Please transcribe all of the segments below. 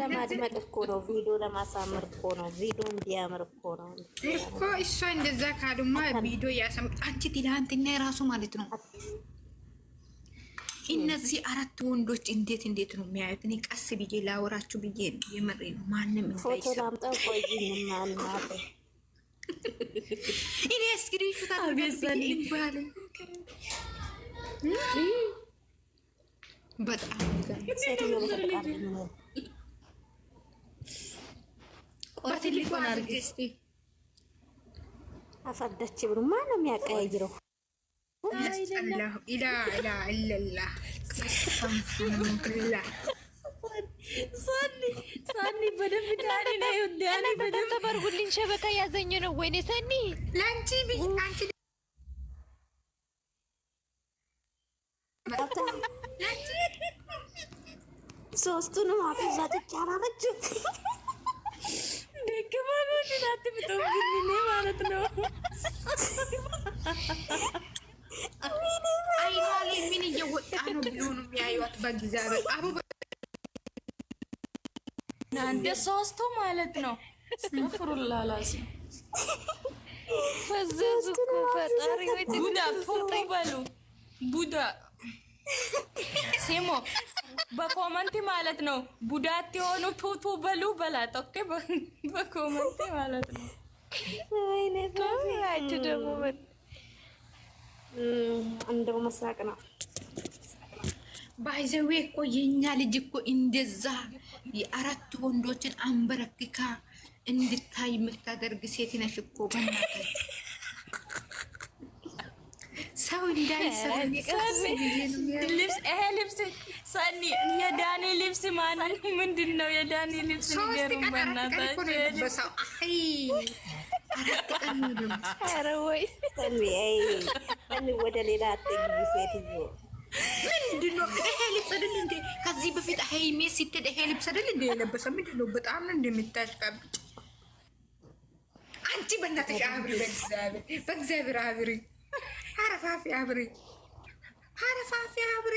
ለማድመጥ እኮ ነው። ቪዲዮ ለማሳመር እኮ ነው። ቪዲዮ እንዲያምር እኮ ነው እኮ እሷ እንደዛ ካሉማ ቪዲዮ ያሰምር። አንቺ ትላንትና የራሱ ማለት ነው። እነዚህ አራት ወንዶች እንዴት እንዴት ነው የሚያዩት? እኔ ቀስ ብዬ ላወራችሁ ብዬ ነው። የምሬ ነው። ማንም እኔ እስክሪን በጣም ትልቁን አድርጊ እስኪ። አፈርዳች ብሎ ማን ነው የሚያቀያይረው? ሰኒ በደንብ ሸበካ ያዘኝ ነው ወይኔ ሰኒ ሶስቱንም አፍዛቶች አላረችም አትብጦብኝ ማለት ነው። አይኗ ላይ ምን እየወጣ ነው ብሎ ነው የሚያዩት። በእግዚአብሔር እንደ ሶስቱ ማለት ነው። ፍሩላላሲ ፈዘዙ እኮ ፈጣሪ ቡዳ ቡዳ ሲሞ በኮመንት ማለት ነው። ቡዳት የሆኑ ቱቱ በሉ በላት። ኦኬ በኮመንት ማለት ነው። አይነቱ ደግሞ እንደው መስራቅ ነው። ባይዘዌ እኮ የኛ ልጅ እኮ እንደዛ የአራት ወንዶችን አንበረክካ እንድታይ የምታደርግ ሴት ነሽ እኮ በእናትሽ ሰው እንዳይሰራ ልብስ ሰኒ የዳኒ ልብስ ማን ምንድን ነው? የዳኒ ልብስ ንገሩን በእናታችሁ። ወይ ወደ ሌላ ሴትዮ። ምንድን ነው ይሄ ልብስ አይደል እንዴ? ከዚህ በፊት ሀይሜ ስትሄድ ይሄ ልብስ አይደል እንዴ የለበሰ? ምንድን ነው በጣም ነው እንደምታሽቃብጭ አንቺ። በእናትሽ አብሪ፣ በእግዚአብሔር አብሪ፣ አረፋፊ አብሪ፣ አረፋፊ አብሪ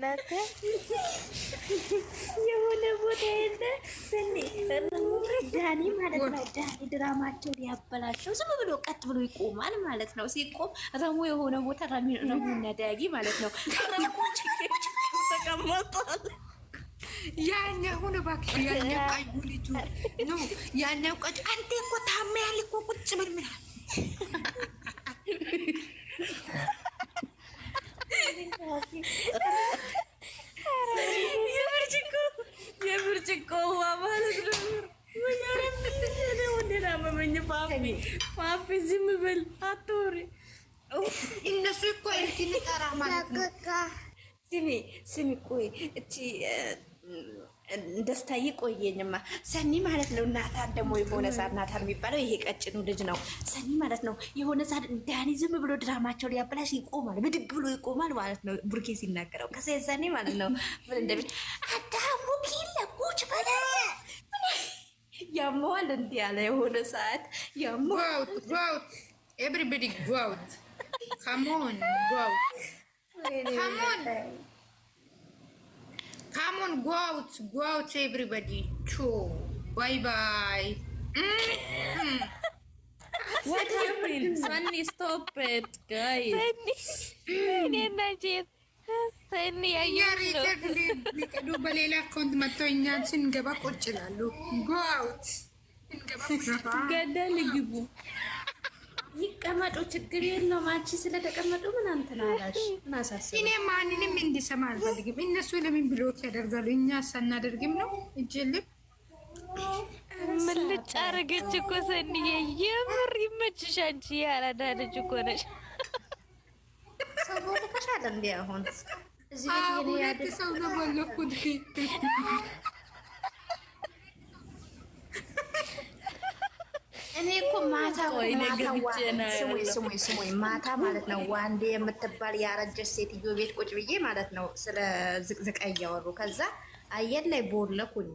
እናንተ የሆነ ቦታ የለ ዳኒ ማለት ነው። ዳኒ ድራማቸው ዝም ብሎ ቀጥ ብሎ ይቆማል ማለት ነው። ሲቆም ረሙ የሆነ ቦታ ረሙ እና ዳጊ ማለት ነው ያኛ ሆነ እባክሽ፣ ያኛ ቀዩ ልጁ ያኛው ቀጭ አንዴ እኮ ታሜ እኮ ቁጭ ብል ምናል የብርጭቆ የብርጭቆ ውሃ ማለት ነው። ወንዴና መመኝ ፓፒ ፓፒ ዝም ብል አትወሪ። እነሱ እኮ ስሚ ስሚ ቆይ ደስታዬ ቆየኝማ ሰኒ ማለት ነው። ናታን ደግሞ የሆነ ሰዓት ናታን የሚባለው ይሄ ቀጭኑ ልጅ ነው። ሰኒ ማለት ነው የሆነ ሰዓት ዳኒ ዝም ብሎ ድራማቸው ሊያበላሽ ይቆማል፣ ብድግ ብሎ ይቆማል ማለት ነው ቡርኬ ሲናገረው። ከዛ ሰኒ ማለት ነው ምን እንደሚል አዳሙ ኪለ ቁጭ በለ ያመዋል እንዲ ያለ የሆነ ሰዓት ያመዋል። ኤብሪባዲ ጎ ካሞን ጎ ካሞን ሰሞን ጓውት ጓውት ጎ አውት ኤቭሪባዲ ቹ ባይ ባይ ሰኒ ስቶፕ ኢት ጋይስ ሰኒ ሊቀዱ በሌላ አካውንት መጥተው እኛን ስንገባ ቆጭ ይላሉ። ገደል ግቡ ይቀመጡ ችግር የለውም። አንቺ ስለተቀመጡ ምን እንትን አላልሽ። እኔ ማንንም እንዲሰማ አልፈልግም። እነሱ ለምን ብሎክ ያደርጋሉ? እኛ ሳናደርግም ነው እጅልም ምልጭ አረገች እኮ ሰኒዬ፣ የምር ይመችሽ። አንቺ ያራዳ ልጅ እኮ ነሽ። ሰው ቦልከሻል እንዲ አሁን እዚህ ሰው ነው ቦልኩት ስሙኝ ስሙኝ፣ ማታ ማለት ነው ዋንዴ የምትባል ያረጀች ሴትዮ ቤት ቁጭ ብዬ ማለት ነው ስለ ዝቅዝቃ እያወሩ ከዛ አየር ላይ ቦለኩኝ።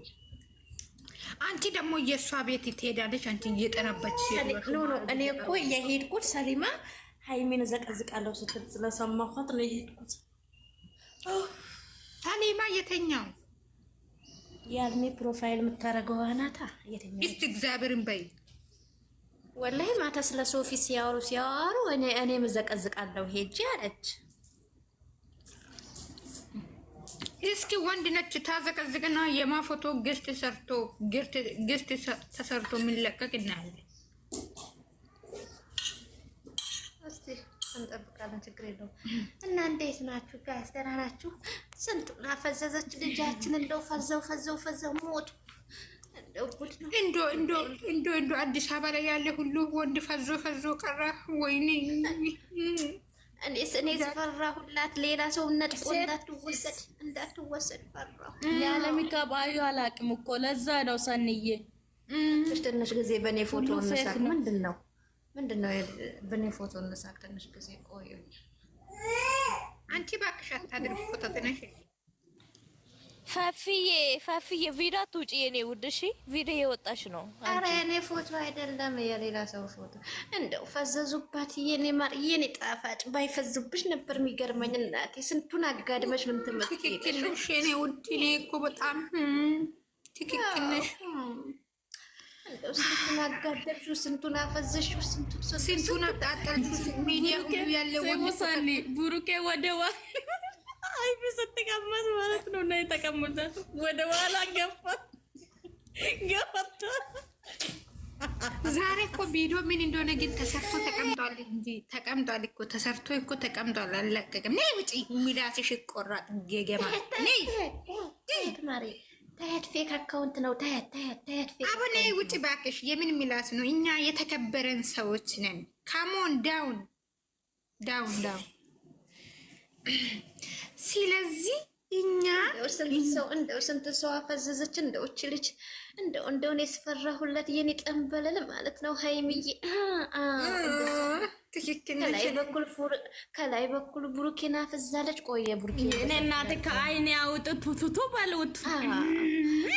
አንቺ ደግሞ የእሷ ቤት ትሄዳለች። አንቺ እየጠረበች ኖ ኖ፣ እኔ እኮ የሄድኩት ሰሊማ ሀይሜን ዘቀዝቃለሁ ስትል ስለሰማኋት ነው የሄድኩት። ሰሊማ የተኛው የአልሚ ፕሮፋይል የምታደርገው ናታ። እስቲ እግዚአብሔርን በይ ወላሂ ማታ ስለ ሶፊ ሲያወሩ ሲያወሩ እኔ መዘቀዝቃለሁ ሄጄ አለች። እስኪ ወንድ ነች ታዘቀዝቅና የማ ፎቶ ግስት ሰርቶ ግስት ተሰርቶ የሚለቀቅ እናያለን። እስቲ እንጠብቃለን። ችግር የለውም። እና እንዴት ናችሁ ጋይስ? ደህና ናችሁ? ስንቱን አፈዘዘች ልጃችን። እንደው ፈዘው ፈዘው ፈዘው ሞቱ እንዶ እንዶ እንዶ እንዶ አዲስ አበባ ላይ ያለ ሁሉ ወንድ ፈዞ ፈዞ ቀራ። ወይኔ እኔ ፈራሁላት። ሌላ ሰው ነጥቆ እንዳትወሰድ እንዳትወሰድ ፈራሁ። ያለሚካ ባዩ አላቅም እኮ ለዛ ነው ሰንዬ ትንሽ ጊዜ በእኔ ፎቶ እንሳቅ። ምንድን ነው ምንድን ነው በእኔ ፎቶ እንሳቅ። ትንሽ ጊዜ ቆዩ። አንቺ እባክሽ አታድርግ ፎቶ ትነሽ ፈፍዬ ፈፍዬ ቪዲዮ አትውጪ የኔ ውድ እሺ። ቪዲዮ የወጣሽ ነው። አረ የኔ ፎቶ አይደለም የሌላ ሰው ፎቶ። እንደው ፈዘዙባት የኔ ማር የኔ ጣፋጭ። ባይፈዙብሽ ነበር የሚገርመኝ። እናቴ ስንቱን አጋድመሽ ምን ትምህርት ትክክል ነሽ የኔ ውድ። እኔ እኮ በጣም ትክክል ነሽ። እንደው ስንቱን አጋደምሽው፣ ስንቱን አፈዘሽው፣ ስንቱን ስንቱን አጣጣልሽው። ሁሉ ያለው ወንድ ቡሩኬ ወደዋ አይብ ስትቀመጥ ማለት ነው። እና የተቀመጠ ወደ ኋላ ገፋ ዛሬ እኮ ቪዲዮ ምን እንደሆነ ግን ተሰርቶ ተቀምጧል እንጂ ተቀምጧል እኮ ተሰርቶ እኮ ተቀምጧል። አለቀቅም። ነይ ውጪ፣ ገገማ ነይ ፌክ አካውንት ነው። ፌክ ውጭ ባክሽ። የምን ሚላስ ነው? እኛ የተከበረን ሰዎች ነን። ካሞን ዳውን ዳውን ዳውን ስለዚህ እኛ ስንት ሰው አፈዘዘች። እንደውች ልጅ እንደው እንደውን የስፈራሁላት የኔ ጠንበለል ማለት ነው ሀይምዬ ከላይ በኩል ቡሩኬና አፈዛለች። ቆየ ቡሩኬ እናት ከአይኔ አውጥ ቱቱቱ ባለውት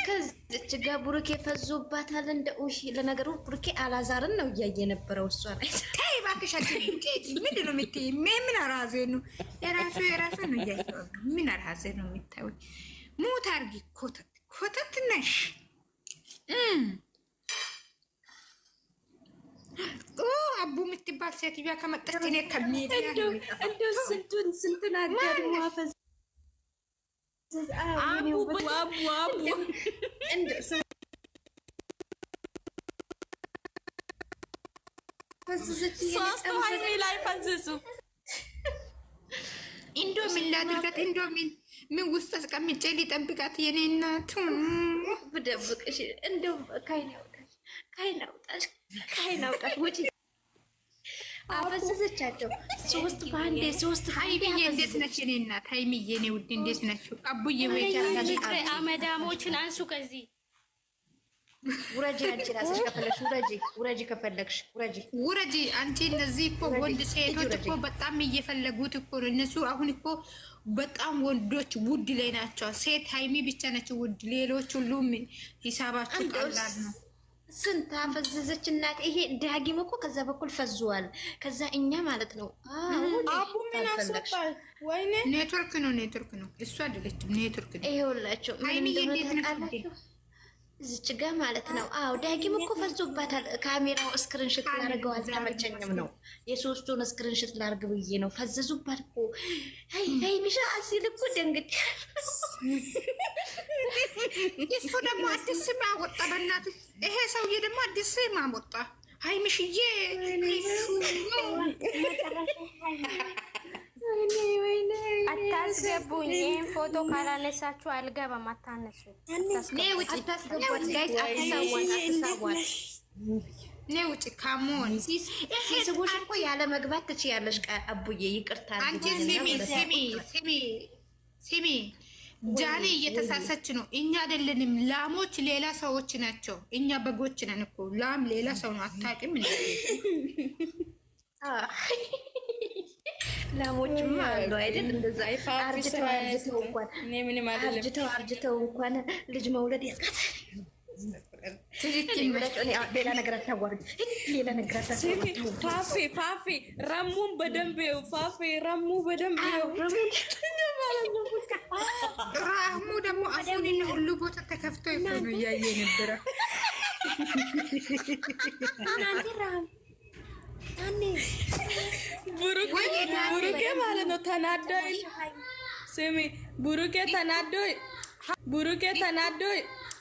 ከዚች ጋር ቡሩኬ ፈዞባታል። እንደ ለነገሩ ቡሩኬ አላዛርን ነው እያየ ነበረው። እሷ ላይ ተይ እባክሽ ምንድን ነው የምትይኝ? ምን አራዜ ነው የራሱ የራሱ ነው እያየ ምን አራዜ ነው የምታይው? ሙት አርጊ ኮተት ኮተት ነሽ። አቡ የምትባል ሴትዮዋ ከመጣች እኔ ከሚሄድ እንደው ስንቱን ስንቱን አጋድ ማፈዝ ሶስቱ ሀይሚ ላይ ፈዝሱ። ኢንዶሚን ላድርጋት። ኢንዶሚን ምን ውስጥ አስቀምጬ ሊጠብቃት የኔ እናቱ ብደብቅሽ እንደው ካይን አውጣሽ፣ ካይን አውጣሽ፣ ካይን አውጣሽ ወጪ አፈሰሰቻቸው። ሶስት ባንዴ ሶስት ሃይሚዬ እንዴት ነች? እኔ እናት ሃይሚዬ እኔ ውድ እንዴት ነችው? አቡዬ ወይ አመዳሞችን አንሱ ከዚህ ውረጂ። አንቺ ራስሽ ከፈለግሽ ውረጂ፣ ውረጂ ከፈለግሽ ውረጂ፣ ውረጂ። አንቺ እነዚህ እኮ ወንድ ሴቶች እኮ በጣም እየፈለጉት እኮ ነው እነሱ። አሁን እኮ በጣም ወንዶች ውድ ላይ ናቸው። ሴት ሃይሚ ብቻ ነች ውድ፣ ሌሎች ሁሉም ሂሳባቸው ቀላል ነው። ስንት አፈዘዘች እናት። ይሄ ዳጊም እኮ ከዛ በኩል ፈዝዋል። ከዛ እኛ ማለት ነው አቡ ምን አስባል። ወይኔ ኔትወርክ ነው ኔትወርክ ነው እሱ አይደለችም ኔትወርክ ነው። ይኸውላችሁ እዚች ጋ ማለት ነው። አዎ ዳጊም እኮ ፈዞባታል። ካሜራው እስክሪንሽት ላርገው አልተመቸኝም ነው የሶስቱን እስክሪንሽት ላርግ ብዬ ነው። ፈዘዙባት እኮ ሀይ ሀይ ሚሻ አሲል እኮ ደንግድ የእሱ ደግሞ አዲስ ስም አወጣ። በእናት ይሄ ሰውዬ ደግሞ አዲስ ስም አወጣ። ሀይምሽዬ አታስገቡኝ። ይህን ፎቶ ካላነሳችሁ አልገባም። አታነሱ። እኔ ውጭ ካሞን ሲስቡሽ እኮ ያለ መግባት ትችያለሽ። አቡዬ ይቅርታ። አንቺ ስሚ ስሚ ስሚ ጃሌ እየተሳሰች ነው። እኛ አይደለንም ላሞች፣ ሌላ ሰዎች ናቸው። እኛ በጎች ነን እኮ። ላም ሌላ ሰው ነው። አታውቂም እንዴ? ላሞችማ አንዱ አይደል? እንደዛ አርጅተው አርጅተው እንኳን ልጅ መውለድ ያቃታል። ሌላ ፋፌ ፋፌ ረሙን በደንብ ው ፋፌ ረሙ በደንብ ረሙ ደግሞ አሁን ሁሉ ቦታ ተከፍቶ ይሆኑ እያየ ነበረ። ብሩኬ ማለት ነው ተናዶ ስሚ፣ ብሩኬ ተናዶ ብሩኬ ተናዶ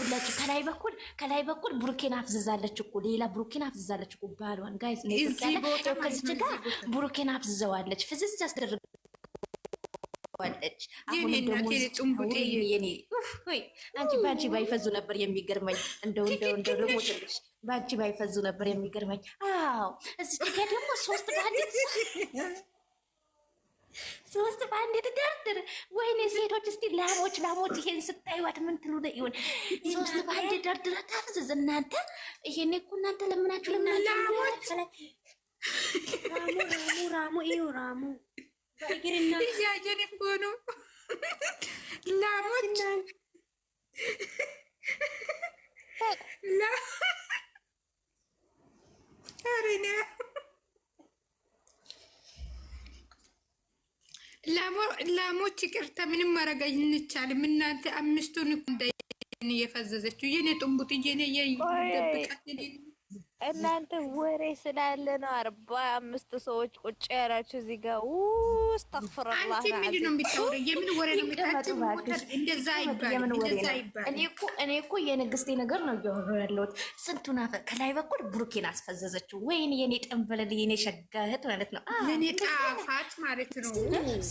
ሁላችሁ ከላይ በኩል ከላይ በኩል ቡርኬን አፍዝዛለች እኮ ሌላ ቡርኬን አፍዝዛለች እኮ ባሏን ጋይ ከዚች ጋር ቡርኬን አፍዝዘዋለች፣ ፍዝዝ አስደርገዋለች። አንቺ በአንቺ ባይፈዙ ነበር የሚገርመኝ። እንደው እንደው እንደው ደግሞ ልሞትልሽ፣ በአንቺ ባይፈዙ ነበር የሚገርመኝ። አዎ እዚች ጋር ደግሞ ሶስት ባለት ሶስት በአንድ የተደረደረ ወይኔ ሴቶች እስቲ ላሞች ላሞች ይሄን ስታዩት ምን ትሉ ነው? ይሁን ሶስት በአንድ ደርድረ ታፍዝዝ። እናንተ ይሄኔ እኮ እናንተ ለምናችሁ ለምናችሁ ራሙ ራሙ ይሁ ራሙ በእግርና እያየን እኮ ላሞች ላሞች ይቅርታ፣ ምንም ማረጋ እንቻል። እናንተ አምስቱን እንደ የፈዘዘችው የኔ ጥንቡት የኔ የደብቃት እናንተ ወሬ ስላለ ነው። አርባ አምስት ሰዎች ቁጭ ያላችሁ እዚህ ጋር አስተግፍርላህ። እኔ እኮ የንግስቴ ነገር ነው እያወራሁ ያለሁት። ስንቱን ከላይ በኩል ብሩኬን አስፈዘዘችው። ወይኔ የኔ ጠንበለል የኔ ሸጋህት ማለት ነው የኔ ጣፋጭ ማለት ነው።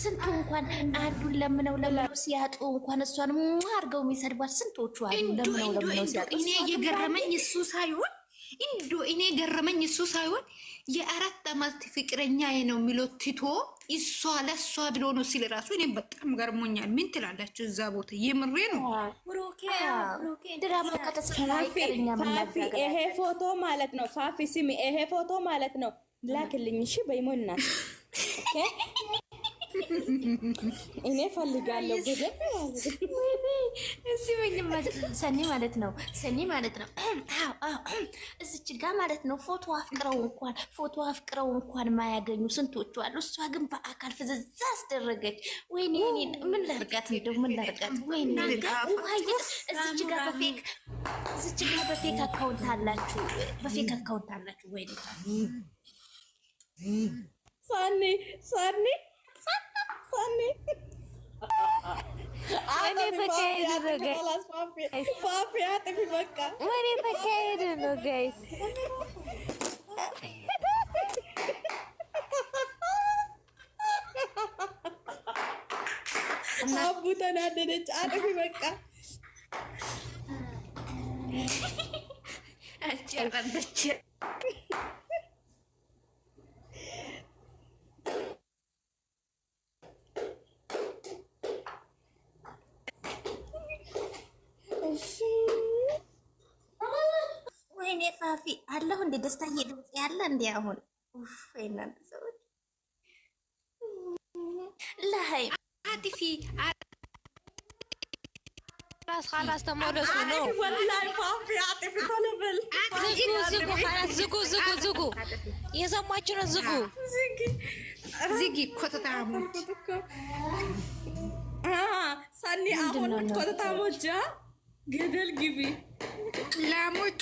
ስንቱ እንኳን አንዱን ለምነው ለምነው ሲያጡ እንኳን እሷን አድርገው የሚሰድቧት ስንቶቹ አሉ። ለምነው ለምነው ሲያጡ እኔ የገረመኝ እሱ ሳይሆን እንዶ እኔ ገረመኝ። እሱ ሳይሆን የአራት አመት ፍቅረኛ ነው የሚለው ትቶ እሷ ለእሷ ብሎ ነው ሲል ራሱ እኔ በጣም ገርሞኛል። ምን ትላላችሁ? እዛ ቦታ የምሬ ነው። ይሄ ፎቶ ማለት ነው። ፋፊ ስሚ፣ ይሄ ፎቶ ማለት ነው። ላክልኝ እሺ እናት እኔ ፈልጋለሁ እዚህ ሰኒ ማለት ነው። ሰኒ ማለት ነው። እዚች ጋ ማለት ነው። ፎቶ አፍቅረው እንኳን ፎቶ አፍቅረው እንኳን ማያገኙ ስንቶቹ አሉ። እሷ ግን በአካል ፍዝዛ አስደረገች። ወይኔ ምን ላርጋት እንደው ምን ላርጋት። ወይኔ እዚች ጋ በፌክ እዚች ጋ በፌክ አካውንት አላችሁ፣ በፌክ አካውንት አላችሁ። ወይኔ ሳኒ ሳኒ በካሄድ ነው ጋይስ አቡ ተናደደች። አጥፊ በቃ አጭር እንደ ደስታ ድምጽ ያለ እንደ አሁን እናንተ ሰዎች ለሀይ አጥፊ ራስ ካላስተማረ እሱ ነው። ዝጉ ዝጉ ዝጉ ዝጉ የሰማችሁ ነው። ዝጉ ዝጊ ኮተታሞች ሳኒ አሁን ኮተታሞች ገደል ግቢ ላሞች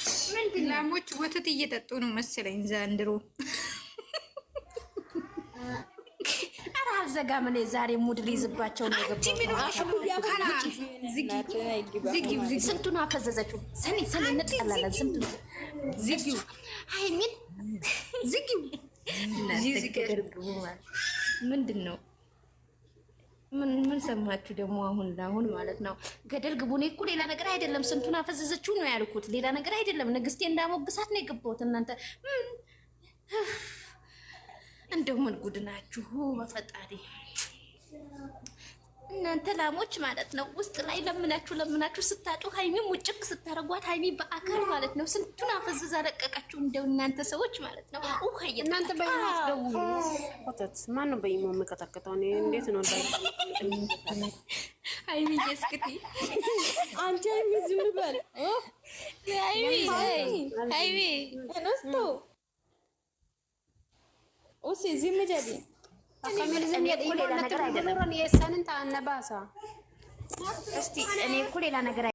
ላሞች ወተት እየጠጡ ነው መሰለኝ ዘንድሮ። ኧረ አልዘጋም እኔ ዛሬ ሙድ ሊይዝባቸው ነው የገባሁት። ስንቱን አፈዘዘችው። ሰኔ ሰኔ እንጣላለን። ስንቱን ዝጊው። አይ ዝጊው። ምንድን ነው ምን ሰማችሁ ደግሞ? አሁን ለአሁን ማለት ነው ገደል ግቡ። እኔ እኮ ሌላ ነገር አይደለም ስንቱን አፈዘዘችው ነው ያልኩት፣ ሌላ ነገር አይደለም። ንግስቴ እንዳሞግሳት ነው የገባሁት። እናንተ እንደው ምን ጉድ ናችሁ በፈጣሪ እናንተ ላሞች ማለት ነው። ውስጥ ላይ ለምናችሁ ለምናችሁ ስታጡ ሀይሚም ውጭቅ ስታደርጓት ሀይሚ በአካል ማለት ነው። ስንቱን አፈዝዛ ለቀቃችሁ። እንደው እናንተ ሰዎች ማለት ነው። ውሃ እናንተ በይሞ ደውሉ። ማን ነው በይሞ የምቀጠቅጠው? እንዴት ነው ሀይሚ እስክቲ አንቺ ሀይሚ ዝም በል ሀይሚ ሀይሚ እነስቶ ኦሴ ዝም ጃዴ እኔ እኮ ሌላ ነገር